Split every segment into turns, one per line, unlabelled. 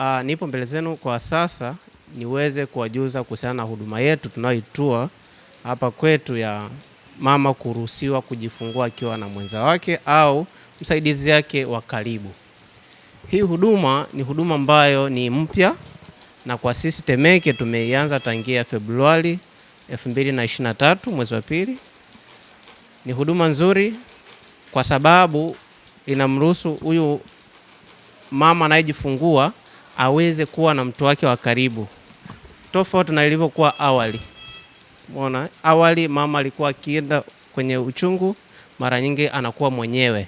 Uh, nipo mbele zenu kwa sasa niweze kuwajuza kuhusiana na huduma yetu tunayoitoa hapa kwetu ya mama kuruhusiwa kujifungua akiwa na mwenza wake au msaidizi yake wa karibu. Hii huduma ni huduma ambayo ni mpya na kwa sisi Temeke tumeianza tangia Februari 2023 mwezi wa pili. Ni huduma nzuri kwa sababu inamruhusu huyu mama anayejifungua aweze kuwa na mtu wake wa karibu, tofauti na ilivyokuwa awali. Umeona, awali mama alikuwa akienda kwenye uchungu, mara nyingi anakuwa mwenyewe.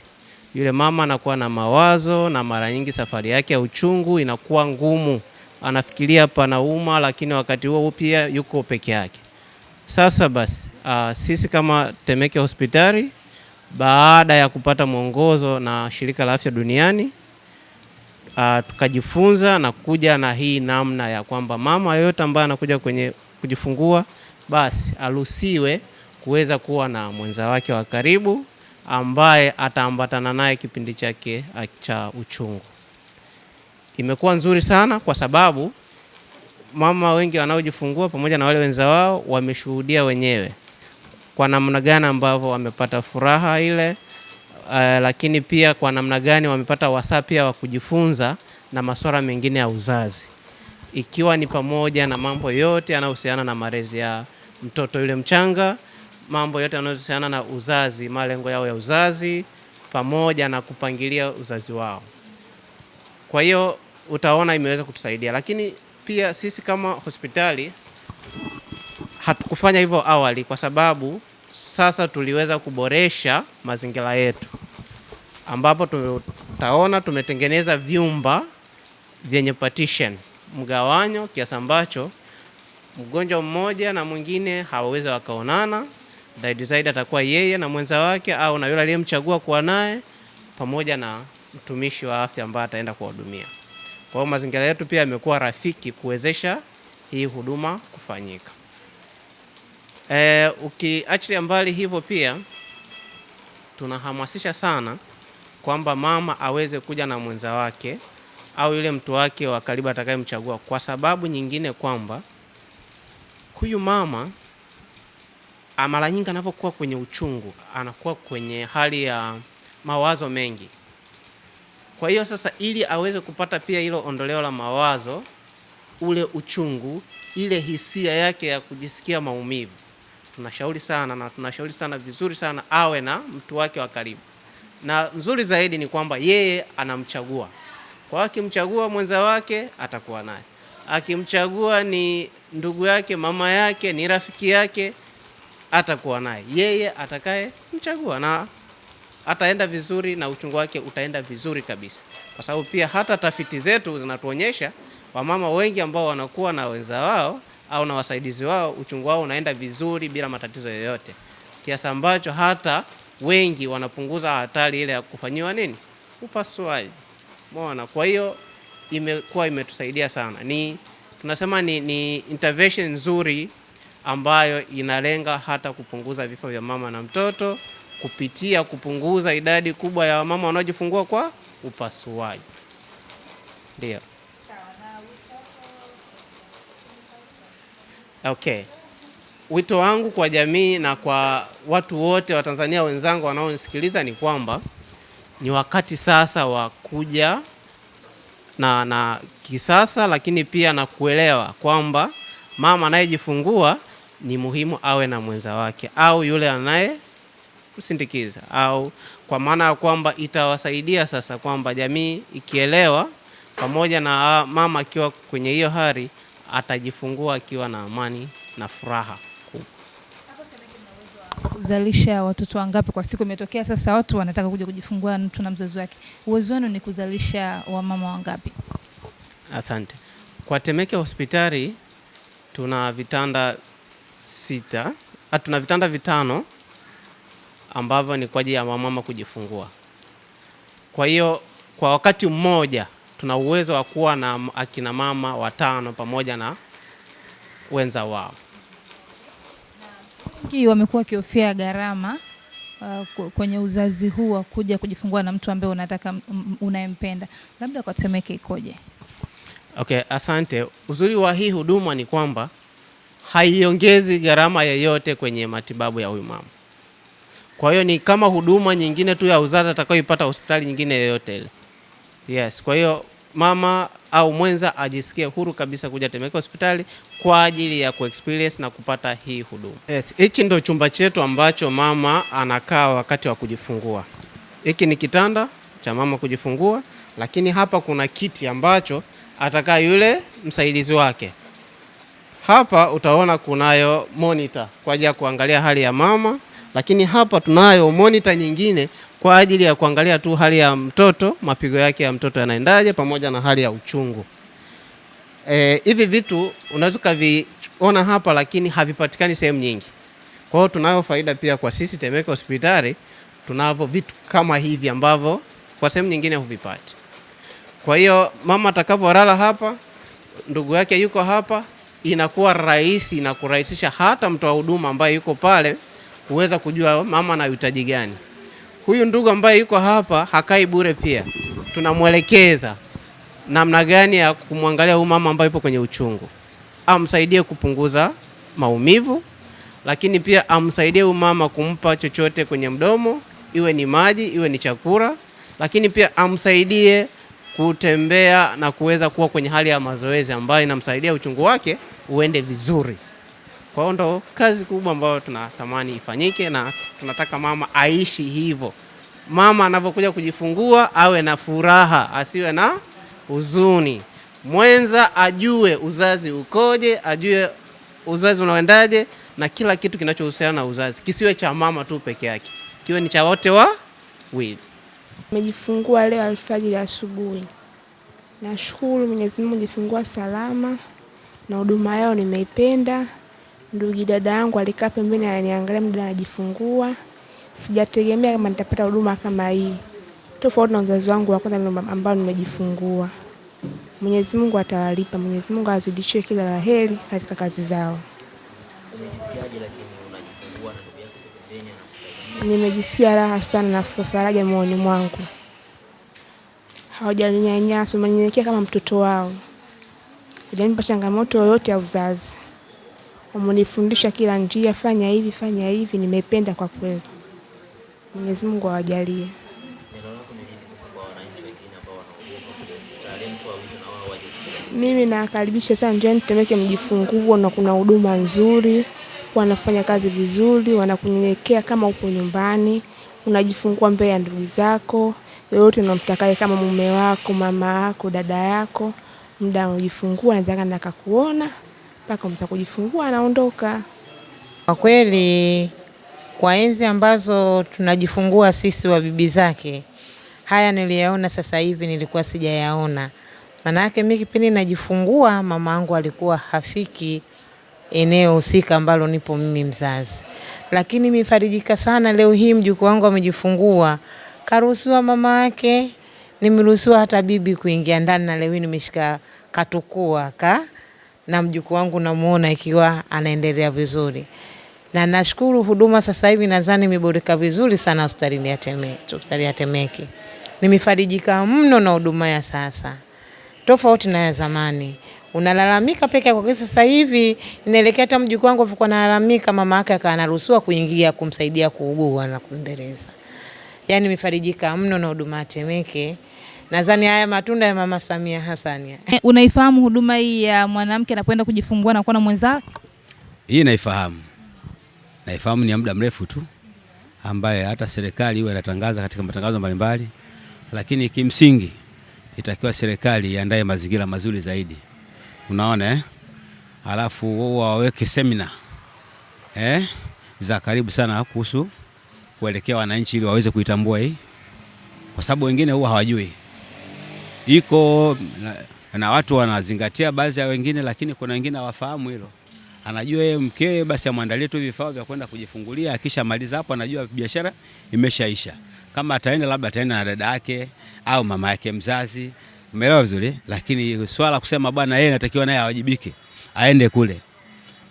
Yule mama anakuwa na mawazo, na mara nyingi safari yake ya uchungu inakuwa ngumu, anafikiria panauma, lakini wakati huo pia yuko peke yake. Sasa basi, uh, sisi kama Temeke Hospitali baada ya kupata mwongozo na Shirika la Afya Duniani uh, tukajifunza na kuja na hii namna ya kwamba mama yoyote ambaye anakuja kwenye kujifungua basi aruhusiwe kuweza kuwa na mwenza wake wa karibu ambaye ataambatana naye kipindi chake cha uchungu. Imekuwa nzuri sana kwa sababu mama wengi wanaojifungua pamoja na wale wenza wao wameshuhudia wenyewe kwa namna gani ambavyo wamepata furaha ile uh, lakini pia kwa namna gani wamepata wasaa pia wa kujifunza na masuala mengine ya uzazi, ikiwa ni pamoja na mambo yote yanayohusiana na malezi ya mtoto yule mchanga, mambo yote yanayohusiana na uzazi, malengo yao ya uzazi, pamoja na kupangilia uzazi wao. Kwa hiyo utaona imeweza kutusaidia, lakini pia sisi kama hospitali hatukufanya hivyo awali, kwa sababu sasa tuliweza kuboresha mazingira yetu ambapo tutaona tumetengeneza vyumba vyenye partition, mgawanyo kiasi ambacho mgonjwa mmoja na mwingine hawawezi wakaonana. Zaidi atakuwa yeye na mwenza wake au na yule aliyemchagua kuwa naye pamoja na mtumishi wa afya ambaye ataenda kuwahudumia. Kwa hiyo mazingira yetu pia yamekuwa rafiki kuwezesha hii huduma kufanyika. E, ukiachilia mbali hivyo pia tunahamasisha sana kwamba mama aweze kuja na mwenza wake au yule mtu wake wa karibu atakayemchagua, kwa sababu nyingine kwamba huyu mama ah, mara nyingi anapokuwa kwenye uchungu anakuwa kwenye hali ya mawazo mengi. Kwa hiyo sasa, ili aweze kupata pia hilo ondoleo la mawazo, ule uchungu, ile hisia yake ya kujisikia maumivu, tunashauri sana na tunashauri sana vizuri sana awe na mtu wake wa karibu na nzuri zaidi ni kwamba yeye anamchagua kwa, akimchagua mwenza wake atakuwa naye, akimchagua ni ndugu yake, mama yake, ni rafiki yake, atakuwa naye yeye atakaye mchagua, na ataenda vizuri na uchungu wake utaenda vizuri kabisa, kwa sababu pia hata tafiti zetu zinatuonyesha wamama wengi ambao wanakuwa na wenza wao au na wasaidizi wao, uchungu wao unaenda vizuri bila matatizo yoyote, kiasi ambacho hata wengi wanapunguza hatari ile ya kufanyiwa nini, upasuaji. Umeona? Kwa hiyo imekuwa imetusaidia sana, ni tunasema ni, ni intervention nzuri ambayo inalenga hata kupunguza vifo vya mama na mtoto kupitia kupunguza idadi kubwa ya wamama wanaojifungua kwa upasuaji. Ndio. Okay. Wito wangu kwa jamii na kwa watu wote Watanzania wenzangu wanaonisikiliza ni kwamba ni wakati sasa wa kuja na, na kisasa lakini pia na kuelewa kwamba mama anayejifungua ni muhimu awe na mwenza wake au yule anayemsindikiza au kwa maana ya kwamba itawasaidia sasa kwamba jamii ikielewa, pamoja na mama akiwa kwenye hiyo hali atajifungua akiwa na amani na furaha
kuzalisha watoto wangapi kwa siku? Imetokea sasa watu wanataka kuja kujifungua mtu na mzazi wake, uwezo wenu ni kuzalisha wamama wangapi?
Asante. Kwa Temeke hospitali tuna vitanda sita, ah, tuna vitanda vitano ambavyo ni kwa ajili ya wamama kujifungua. Kwa hiyo kwa wakati mmoja tuna uwezo wa kuwa na akina mama watano pamoja na wenza wao
wengi wamekuwa wakihofia gharama uh, kwenye uzazi huu wa kuja kujifungua na mtu ambaye unataka unayempenda, labda kwa Temeke ikoje?
Okay, asante. Uzuri wa hii huduma ni kwamba haiongezi gharama yoyote kwenye matibabu ya huyu mama. Kwa hiyo ni kama huduma nyingine tu ya uzazi atakayoipata hospitali nyingine yoyote ile. Yes, kwa hiyo mama au mwenza ajisikie huru kabisa kuja Temeke hospitali kwa ajili ya kuexperience na kupata hii huduma. Yes, hichi ndio chumba chetu ambacho mama anakaa wakati wa kujifungua. Hiki ni kitanda cha mama kujifungua, lakini hapa kuna kiti ambacho atakaa yule msaidizi wake. Hapa utaona kunayo monitor kwa ajili ya kuangalia hali ya mama, lakini hapa tunayo monitor nyingine kwa ajili ya kuangalia tu hali ya mtoto, mapigo yake ya mtoto yanaendaje, pamoja na hali ya uchungu. E, hivi vitu unaweza ukaviona hapa, lakini havipatikani sehemu nyingi. Kwa hiyo tunayo faida pia kwa sisi Temeke Hospitali, tunavyo vitu kama hivi ambavyo kwa sehemu nyingine huvipati. Kwa hiyo mama atakavyolala hapa, ndugu yake yuko hapa, inakuwa rahisi na kurahisisha hata mtoa huduma ambaye yuko pale kuweza kujua mama anahitaji gani huyu ndugu ambaye yuko hapa hakai bure, pia tunamwelekeza namna gani ya kumwangalia huyu mama ambaye yupo kwenye uchungu, amsaidie kupunguza maumivu, lakini pia amsaidie huyu mama kumpa chochote kwenye mdomo, iwe ni maji, iwe ni chakula, lakini pia amsaidie kutembea na kuweza kuwa kwenye hali ya mazoezi ambayo inamsaidia uchungu wake uende vizuri. Kwa hiyo ndo kazi kubwa ambayo tunatamani ifanyike, na tunataka mama aishi hivyo. Mama anavyokuja kujifungua awe na furaha, asiwe na huzuni. Mwenza ajue uzazi ukoje, ajue uzazi unaendaje, na kila kitu kinachohusiana na uzazi kisiwe cha mama tu peke yake, kiwe ni cha wote wawili.
Nimejifungua leo alfajiri asubuhi, nashukuru Mwenyezi Mungu, nijifungua salama na huduma yao nimeipenda. Ndugu dada yangu alikaa pembeni ananiangalia muda anajifungua. Sijategemea kama nitapata huduma kama hii, tofauti na uzazi wangu wa kwanza ambao nimejifungua. Mwenyezi Mungu atawalipa. Mwenyezi Mungu azidishie kila la heri katika kazi zao. Nimejisikia raha sana na faraja moyoni mwangu, hawajaninyanyasa, wamenyenyekea kama mtoto wao, hawajanipa changamoto yoyote ya uzazi umenifundisha kila njia, fanya hivi, fanya hivi, nimependa kwa kweli. Mwenyezi Mungu awajalie.
Mimi nawakaribisha sana, njoni Temeke mjifungue, na kuna huduma nzuri, wanafanya kazi vizuri, wanakunyenyekea. Kama upo nyumbani unajifungua mbele ya ndugu zako, yoyote unamtakaye, kama mume wako, mama yako, dada yako, muda unajifungua, naweza nakakuona mpaka mza kujifungua anaondoka.
Kwa kweli kwa enzi ambazo tunajifungua sisi wa bibi zake, haya niliyaona sasa hivi, nilikuwa sijayaona. Maana yake mimi kipindi najifungua, mama yangu alikuwa hafiki eneo husika ambalo nipo mimi mzazi, lakini mifarijika sana. Leo hii mjukuu wangu amejifungua, karuhusiwa mama yake, nimeruhusiwa hata bibi kuingia ndani, na leo hii nimeshika katukua ka na mjukuu wangu namuona ikiwa anaendelea vizuri, na nashukuru huduma sasa hivi nadhani imeboreka vizuri sana hospitali ya Temeke, hospitali ya Temeke. Nimefarijika mno na huduma ya sasa tofauti na ya zamani. Unalalamika peke yako. Sasa hivi inaelekea hata mjukuu wangu alikuwa analalamika, mama yake akawa anaruhusiwa kuingia kumsaidia kuugua na kumbeleza. Yani nimefarijika mno na huduma ya Temeke Nadhani haya matunda ya Mama Samia Hassan.
Eh, unaifahamu huduma hii ya mwanamke anapoenda kujifungua na kuwa na mwenzake?
Hii naifahamu, naifahamu ni ya muda mrefu tu, ambaye hata serikali huwa inatangaza katika matangazo mbalimbali, lakini kimsingi itakiwa serikali iandae mazingira mazuri zaidi, unaona eh? Alafu waweke semina eh, za karibu sana kuhusu kuelekea wananchi ili waweze kuitambua hii, kwa sababu wengine huwa hawajui iko na, na watu wanazingatia baadhi ya wengine, lakini kuna wengine hawafahamu hilo. Anajua yeye mkewe, basi amwandalie tu vifaa vya kwenda kujifungulia, akisha maliza hapo anajua biashara imeshaisha. Kama ataenda labda ataenda na dada yake au mama yake mzazi, umeelewa vizuri. Lakini swala kusema bwana yeye anatakiwa naye awajibike aende kule,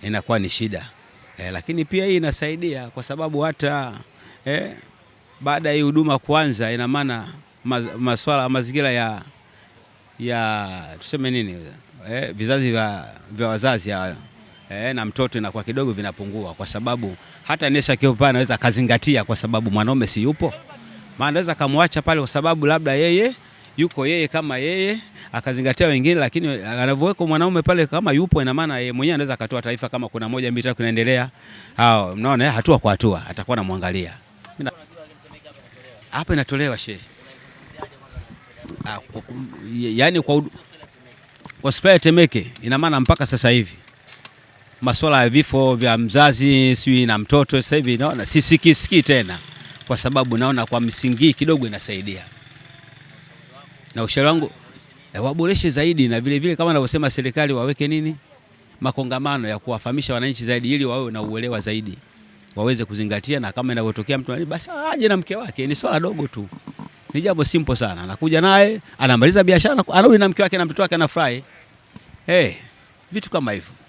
inakuwa ni shida eh, lakini pia hii inasaidia kwa sababu hata eh, baada ya hii huduma kuanza, ina maana maswala mazingira ya ya tuseme nini eh, vizazi vya, vya wazazi ya, eh, na mtoto inakuwa kidogo vinapungua, kwa sababu hata nesi akiwa anaweza akazingatia, kwa sababu mwanaume si yupo, maana anaweza kamwacha pale, kwa sababu labda yeye yuko yeye kama yeye akazingatia wengine, lakini anavyoweka mwanaume pale kama yupo, ina maana yeye mwenyewe anaweza akatoa taarifa kama kuna moja mbili tatu inaendelea. Hao mnaona eh, hatua kwa hatua atakuwa anamwangalia hapa, inatolewa shehe Ah, yaani kwa hospitali ya Temeke, ina maana mpaka sasa hivi masuala ya vifo vya mzazi sijui na mtoto sasa hivi naona sisikisikii tena, kwa sababu naona kwa msingi kidogo inasaidia, na ushauri wangu e, waboreshe zaidi, na vile vile kama anavyosema serikali waweke nini makongamano ya kuwafahamisha wananchi zaidi, ili wawe na uelewa zaidi, waweze kuzingatia, na kama inavyotokea mtu basi aje na mke wake, ni swala dogo tu. Ni jambo simple sana, anakuja naye anamaliza biashara, anarudi na mke wake na mtoto wake, anafurahi. Hey, vitu kama hivyo.